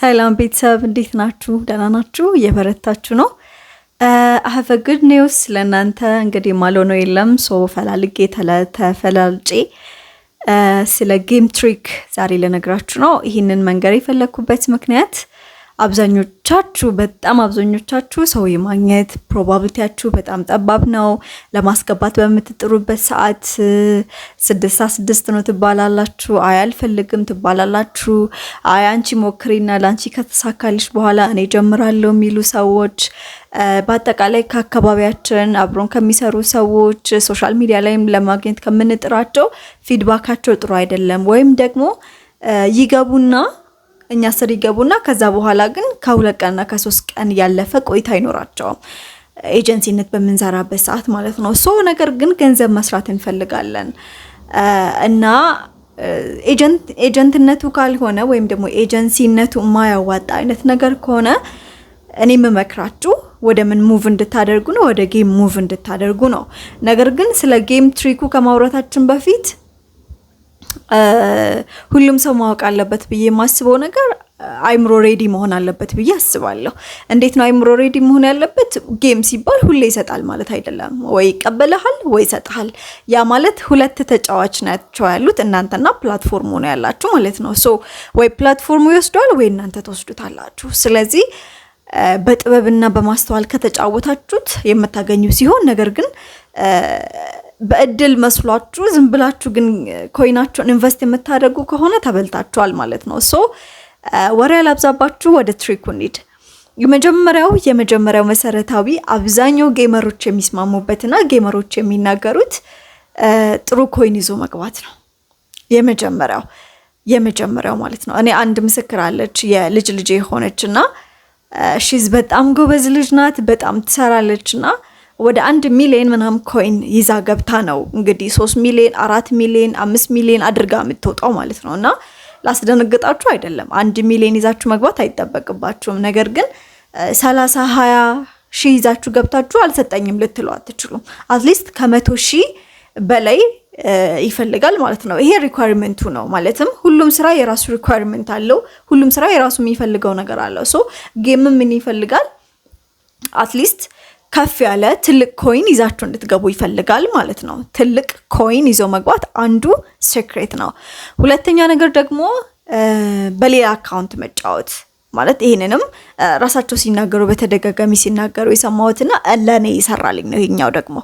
ሰላም ቤተሰብ እንዴት ናችሁ? ደህና ናችሁ? እየበረታችሁ ነው። አሀፈ ግድ ኒውስ ለእናንተ እንግዲህ ማለው ነው የለም ሶ ፈላልጌ ተፈላልጬ ስለ ጌም ትሪክ ዛሬ ልነግራችሁ ነው። ይህንን መንገር የፈለግኩበት ምክንያት አብዛኞቻችሁ በጣም አብዛኞቻችሁ ሰው የማግኘት ፕሮባብሊቲያችሁ በጣም ጠባብ ነው። ለማስገባት በምትጥሩበት ሰዓት ስድስት ስድስት ነው ትባላላችሁ። አይ አልፈልግም ትባላላችሁ። አይ አንቺ ሞክሪና ለአንቺ ከተሳካልሽ በኋላ እኔ ጀምራለሁ የሚሉ ሰዎች በአጠቃላይ ከአካባቢያችን አብሮን ከሚሰሩ ሰዎች ሶሻል ሚዲያ ላይም ለማግኘት ከምንጥራቸው ፊድባካቸው ጥሩ አይደለም ወይም ደግሞ ይገቡና እኛ ስር ይገቡና ከዛ በኋላ ግን ከሁለት ቀንና ከሶስት ቀን ያለፈ ቆይታ አይኖራቸውም። ኤጀንሲነት በምንሰራበት ሰዓት ማለት ነው። ሶ ነገር ግን ገንዘብ መስራት እንፈልጋለን እና ኤጀንትነቱ ካልሆነ ወይም ደግሞ ኤጀንሲነቱ የማያዋጣ አይነት ነገር ከሆነ እኔ የምመክራችሁ ወደ ምን ሙቭ እንድታደርጉ ነው፣ ወደ ጌም ሙቭ እንድታደርጉ ነው። ነገር ግን ስለ ጌም ትሪኩ ከማውራታችን በፊት ሁሉም ሰው ማወቅ አለበት ብዬ የማስበው ነገር አይምሮ ሬዲ መሆን አለበት ብዬ አስባለሁ። እንዴት ነው አይምሮ ሬዲ መሆን ያለበት? ጌም ሲባል ሁሌ ይሰጣል ማለት አይደለም። ወይ ይቀበልሃል ወይ ይሰጥሃል። ያ ማለት ሁለት ተጫዋች ናቸው ያሉት እናንተና ፕላትፎርሙ ነው ያላችሁ ማለት ነው። ሶ ወይ ፕላትፎርሙ ይወስደዋል ወይ እናንተ ትወስዱታላችሁ። ስለዚህ በጥበብና በማስተዋል ከተጫወታችሁት የምታገኙ ሲሆን ነገር ግን በእድል መስሏችሁ ዝም ብላችሁ ግን ኮይናችሁን ኢንቨስት የምታደርጉ ከሆነ ተበልታችኋል ማለት ነው። ሶ uh, ወሬ ያላብዛባችሁ፣ ወደ ትሪኩ እንሂድ። የመጀመሪያው የመጀመሪያው መሰረታዊ አብዛኛው ጌመሮች የሚስማሙበትና ጌመሮች የሚናገሩት uh, ጥሩ ኮይን ይዞ መግባት ነው። የመጀመሪያው የመጀመሪያው ማለት ነው። እኔ አንድ ምስክር አለች የልጅ ልጅ የሆነች እና ሺዝ uh, በጣም ጎበዝ ልጅ ናት። በጣም ትሰራለች እና ወደ አንድ ሚሊዮን ምናምን ኮይን ይዛ ገብታ ነው እንግዲህ ሶስት ሚሊዮን አራት ሚሊዮን አምስት ሚሊዮን አድርጋ የምትወጣው ማለት ነው። እና ላስደነግጣችሁ አይደለም አንድ ሚሊዮን ይዛችሁ መግባት አይጠበቅባችሁም። ነገር ግን ሰላሳ ሀያ ሺህ ይዛችሁ ገብታችሁ አልሰጠኝም ልትሉ አትችሉም። አትሊስት ከመቶ ሺህ በላይ ይፈልጋል ማለት ነው። ይሄ ሪኳርመንቱ ነው። ማለትም ሁሉም ስራ የራሱ ሪኳርመንት አለው። ሁሉም ስራ የራሱ የሚፈልገው ነገር አለው። ሶ ጌምም ምን ይፈልጋል አትሊስት ከፍ ያለ ትልቅ ኮይን ይዛችሁ እንድትገቡ ይፈልጋል ማለት ነው። ትልቅ ኮይን ይዞ መግባት አንዱ ሴክሬት ነው። ሁለተኛ ነገር ደግሞ በሌላ አካውንት መጫወት ማለት ይህንንም ራሳቸው ሲናገሩ በተደጋጋሚ ሲናገሩ የሰማሁትና ለእኔ ይሰራልኝ ነው። ይሄኛው ደግሞ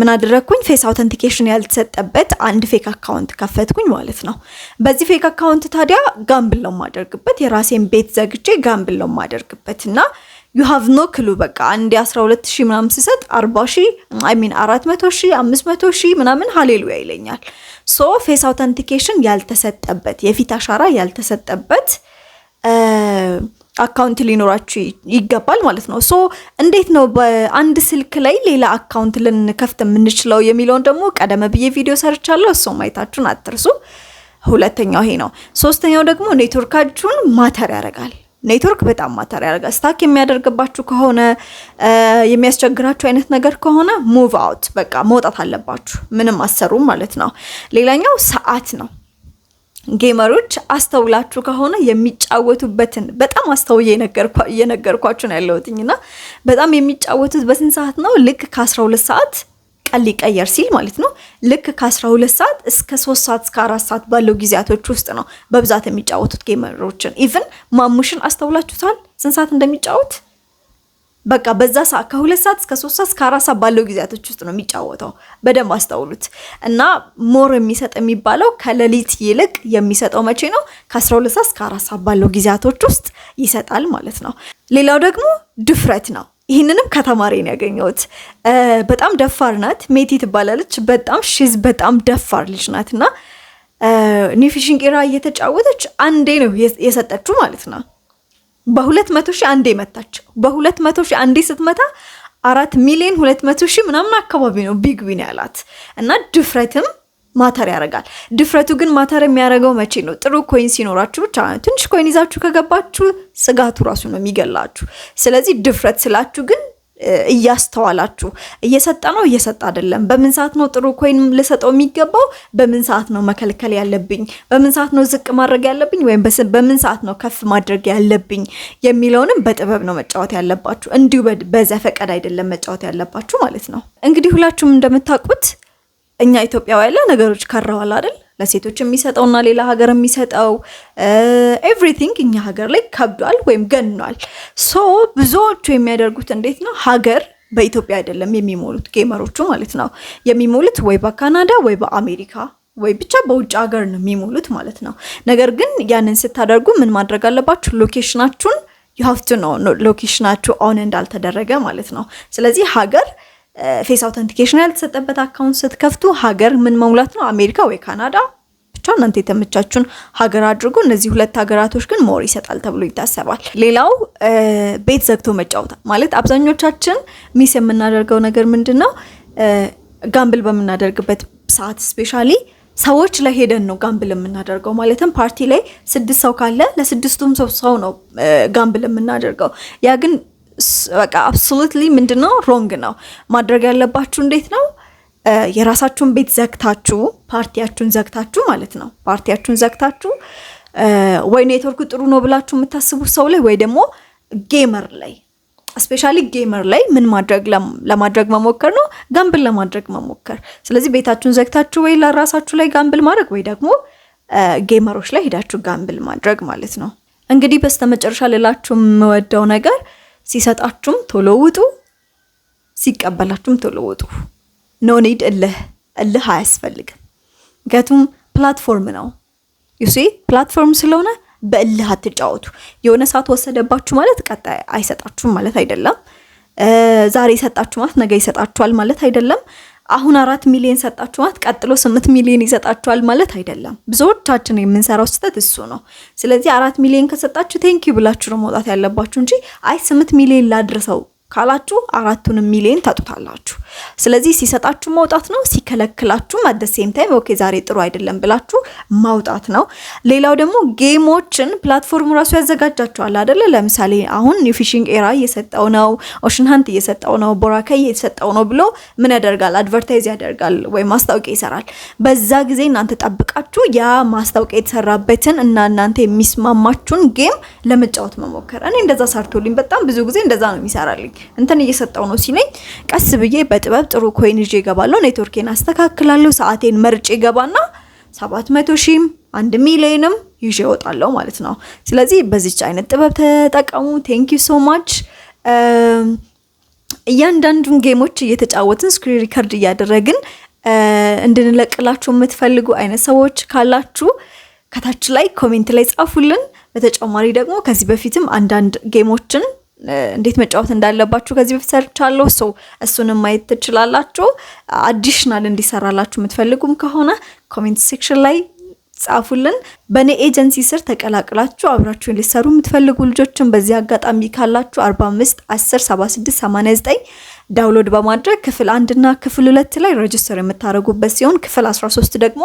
ምን አደረግኩኝ? ፌስ አውተንቲኬሽን ያልተሰጠበት አንድ ፌክ አካውንት ከፈትኩኝ ማለት ነው። በዚህ ፌክ አካውንት ታዲያ ጋምብል ነው የማደርግበት የራሴን ቤት ዘግቼ ጋምብል ነው እና ዩ ሃቭ ኖ ክሉ በቃ አንድ 12 ሺህ ምናምን ስሰጥ 40 ሺህ አይ ሚን 400 ሺህ 500 ሺህ ምናምን ሀሌሉያ ይለኛል። ሶ ፌስ አውተንቲኬሽን ያልተሰጠበት የፊት አሻራ ያልተሰጠበት አካውንት ሊኖራችሁ ይገባል ማለት ነው። ሶ እንዴት ነው በአንድ ስልክ ላይ ሌላ አካውንት ልንከፍት የምንችለው የሚለውን ደግሞ ቀደም ብዬ ቪዲዮ ሰርቻለሁ። እሱም ማየታችሁን አትርሱ። ሁለተኛው ይሄ ነው። ሶስተኛው ደግሞ ኔትወርካችሁን ማተር ያደርጋል። ኔትወርክ በጣም ማተር ያደርጋል። ስታክ የሚያደርግባችሁ ከሆነ የሚያስቸግራችሁ አይነት ነገር ከሆነ ሙቭ አውት፣ በቃ መውጣት አለባችሁ። ምንም አሰሩም ማለት ነው። ሌላኛው ሰዓት ነው። ጌመሮች አስተውላችሁ ከሆነ የሚጫወቱበትን በጣም አስተውዬ እየነገርኳችሁ ነው ያለሁትኝ እና በጣም የሚጫወቱት ሰዓት ነው? ልክ ከ12 ሰዓት ቀን ሊቀየር ሲል ማለት ነው ልክ ከ12 ሰዓት እስከ 3 ሰዓት እስከ 4 ሰዓት ባለው ጊዜያቶች ውስጥ ነው በብዛት የሚጫወቱት ጌመሮችን። ኢቭን ማሙሽን አስተውላችሁታል ስንት ሰዓት እንደሚጫወት? በቃ በዛ ሰዓት ከሁለት ሰዓት እስከ ሶስት ሰዓት እስከ አራት ሰዓት ባለው ጊዜያቶች ውስጥ ነው የሚጫወተው። በደንብ አስተውሉት እና ሞር የሚሰጥ የሚባለው ከሌሊት ይልቅ የሚሰጠው መቼ ነው? ከአስራ ሁለት ሰዓት እስከ አራት ሰዓት ባለው ጊዜያቶች ውስጥ ይሰጣል ማለት ነው። ሌላው ደግሞ ድፍረት ነው። ይህንንም ከተማሪ ነው ያገኘሁት። በጣም ደፋር ናት። ሜቲ ትባላለች። በጣም ሽዝ በጣም ደፋር ልጅ ናት እና ኒፊሽንቄራ እየተጫወተች አንዴ ነው የሰጠችው ማለት ነው። በሁለት መቶ ሺህ አንዴ መታች። በሁለት መቶ ሺህ አንዴ ስትመታ አራት ሚሊዮን ሁለት መቶ ሺህ ምናምን አካባቢ ነው ቢግ ዊን ያላት እና ድፍረትም ማተር ያደርጋል። ድፍረቱ ግን ማተር የሚያደርገው መቼ ነው? ጥሩ ኮይን ሲኖራችሁ ብቻ ትንሽ ኮይን ይዛችሁ ከገባችሁ ስጋቱ ራሱ ነው የሚገላችሁ። ስለዚህ ድፍረት ስላችሁ ግን እያስተዋላችሁ እየሰጠ ነው እየሰጠ አይደለም፣ በምን ሰዓት ነው ጥሩ ኮይን ልሰጠው የሚገባው፣ በምን ሰዓት ነው መከልከል ያለብኝ፣ በምን ሰዓት ነው ዝቅ ማድረግ ያለብኝ፣ ወይም በምን ሰዓት ነው ከፍ ማድረግ ያለብኝ የሚለውንም በጥበብ ነው መጫወት ያለባችሁ። እንዲሁ በዘፈቀድ አይደለም መጫወት ያለባችሁ ማለት ነው። እንግዲህ ሁላችሁም እንደምታውቁት እኛ ኢትዮጵያውያን ላይ ነገሮች ከረዋል አይደል? ለሴቶች የሚሰጠውና ሌላ ሀገር የሚሰጠው ኤቭሪቲንግ እኛ ሀገር ላይ ከብዷል ወይም ገኗል። ሶ ብዙዎቹ የሚያደርጉት እንዴት ነው ሀገር በኢትዮጵያ አይደለም የሚሞሉት ጌመሮቹ ማለት ነው። የሚሞሉት ወይ በካናዳ ወይ በአሜሪካ ወይ ብቻ በውጭ ሀገር ነው የሚሞሉት ማለት ነው። ነገር ግን ያንን ስታደርጉ ምን ማድረግ አለባችሁ? ሎኬሽናችሁን ዩ ሃቭ ቱ ኖ ሎኬሽናችሁ ኦን እንዳልተደረገ ማለት ነው። ስለዚህ ሀገር ፌስ አውተንቲኬሽን ያልተሰጠበት አካውንት ስትከፍቱ ሀገር ምን መሙላት ነው? አሜሪካ ወይ ካናዳ ብቻ እናንተ የተመቻችሁን ሀገር አድርጎ እነዚህ ሁለት ሀገራቶች ግን ሞር ይሰጣል ተብሎ ይታሰባል። ሌላው ቤት ዘግቶ መጫወታ ማለት አብዛኞቻችን ሚስ የምናደርገው ነገር ምንድን ነው? ጋምብል በምናደርግበት ሰዓት ስፔሻሊ ሰዎች ላይ ሄደን ነው ጋምብል የምናደርገው። ማለትም ፓርቲ ላይ ስድስት ሰው ካለ ለስድስቱም ሰው ነው ጋምብል የምናደርገው ያ ግን በቃ አብሶሉትሊ ምንድነው ሮንግ ነው። ማድረግ ያለባችሁ እንዴት ነው? የራሳችሁን ቤት ዘግታችሁ ፓርቲያችሁን ዘግታችሁ ማለት ነው። ፓርቲያችሁን ዘግታችሁ ወይ ኔትወርክ ጥሩ ነው ብላችሁ የምታስቡት ሰው ላይ ወይ ደግሞ ጌመር ላይ ስፔሻሊ ጌመር ላይ ምን ማድረግ ለማድረግ መሞከር ነው፣ ጋምብል ለማድረግ መሞከር። ስለዚህ ቤታችሁን ዘግታችሁ ወይ ለራሳችሁ ላይ ጋምብል ማድረግ ወይ ደግሞ ጌመሮች ላይ ሄዳችሁ ጋምብል ማድረግ ማለት ነው። እንግዲህ በስተመጨረሻ ልላችሁ የምወደው ነገር ሲሰጣችሁም ቶሎ ውጡ፣ ሲቀበላችሁም ቶሎ ውጡ። ኖ ኒድ እልህ እልህ አያስፈልግም። ምክንያቱም ፕላትፎርም ነው ዩሴ ፕላትፎርም ስለሆነ በእልህ አትጫወቱ። የሆነ ሰዓት ወሰደባችሁ ማለት ቀጣይ አይሰጣችሁም ማለት አይደለም። ዛሬ ይሰጣችሁ ማለት ነገ ይሰጣችኋል ማለት አይደለም። አሁን አራት ሚሊዮን ሰጣችኋት፣ ቀጥሎ ስምንት ሚሊዮን ይሰጣችኋል ማለት አይደለም። ብዙዎቻችን የምንሰራው ስህተት እሱ ነው። ስለዚህ አራት ሚሊዮን ከሰጣችሁ ቴንኪ ብላችሁ ነው መውጣት ያለባችሁ እንጂ አይ ስምንት ሚሊዮን ላድርሰው ካላችሁ አራቱንም ሚሊዮን ታጡታላችሁ። ስለዚህ ሲሰጣችሁ ማውጣት ነው፣ ሲከለክላችሁ አደሴም ታይም ኦኬ ዛሬ ጥሩ አይደለም ብላችሁ ማውጣት ነው። ሌላው ደግሞ ጌሞችን ፕላትፎርሙ ራሱ ያዘጋጃቸዋል አደለ? ለምሳሌ አሁን ኒው ፊሽንግ ኤራ እየሰጠው ነው፣ ኦሽን ሀንት እየሰጠው ነው፣ ቦራካይ እየሰጠው ነው ብሎ ምን ያደርጋል? አድቨርታይዝ ያደርጋል ወይም ማስታወቂያ ይሰራል። በዛ ጊዜ እናንተ ጠብቃችሁ ያ ማስታወቂያ የተሰራበትን እና እናንተ የሚስማማችሁን ጌም ለመጫወት መሞከር። እኔ እንደዛ ሰርቶልኝ በጣም ብዙ ጊዜ እንደዛ ነው የሚሰራልኝ እንትን እየሰጠው ነው ሲለኝ ቀስ ብዬ በጥበብ ጥሩ ኮይን ይዤ እገባለሁ፣ ኔትወርኬን አስተካክላለሁ፣ ሰዓቴን መርጬ ገባና ሰባት መቶ ሺህም አንድ ሚሊዮንም ይዤ እወጣለሁ ማለት ነው። ስለዚህ በዚች አይነት ጥበብ ተጠቀሙ። ቴንክ ዩ ሶ ማች። እያንዳንዱን ጌሞች እየተጫወትን ስክሪን ሪከርድ እያደረግን እንድንለቅላችሁ የምትፈልጉ አይነት ሰዎች ካላችሁ ከታች ላይ ኮሜንት ላይ ጻፉልን። በተጨማሪ ደግሞ ከዚህ በፊትም አንዳንድ ጌሞችን እንዴት መጫወት እንዳለባችሁ ከዚህ በፊት ሰርቻለሁ። ሰው እሱንም ማየት ትችላላችሁ። አዲሽናል እንዲሰራላችሁ የምትፈልጉም ከሆነ ኮሜንት ሴክሽን ላይ ጻፉልን። በእኔ ኤጀንሲ ስር ተቀላቅላችሁ አብራችሁን ሊሰሩ የምትፈልጉ ልጆችን በዚህ አጋጣሚ ካላችሁ 45 10 76 89 ዳውንሎድ በማድረግ ክፍል አንድና ክፍል ሁለት ላይ ሬጅስተር የምታደርጉበት ሲሆን ክፍል 13 ደግሞ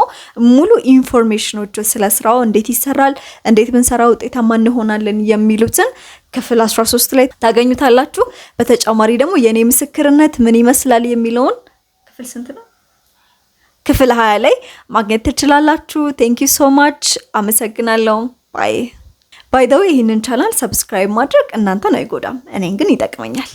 ሙሉ ኢንፎርሜሽኖች ስለ ስራው እንዴት ይሰራል፣ እንዴት ብንሰራ ውጤታማ እንሆናለን የሚሉትን ክፍል 13 ላይ ታገኙታላችሁ። በተጨማሪ ደግሞ የእኔ ምስክርነት ምን ይመስላል የሚለውን ክፍል ስንት ነው? ክፍል 20 ላይ ማግኘት ትችላላችሁ። ቴንክ ዩ ሶ ማች አመሰግናለሁ። ባይ ባይ። ይህንን ቻናል ሰብስክራይብ ማድረግ እናንተን አይጎዳም፣ እኔን ግን ይጠቅመኛል።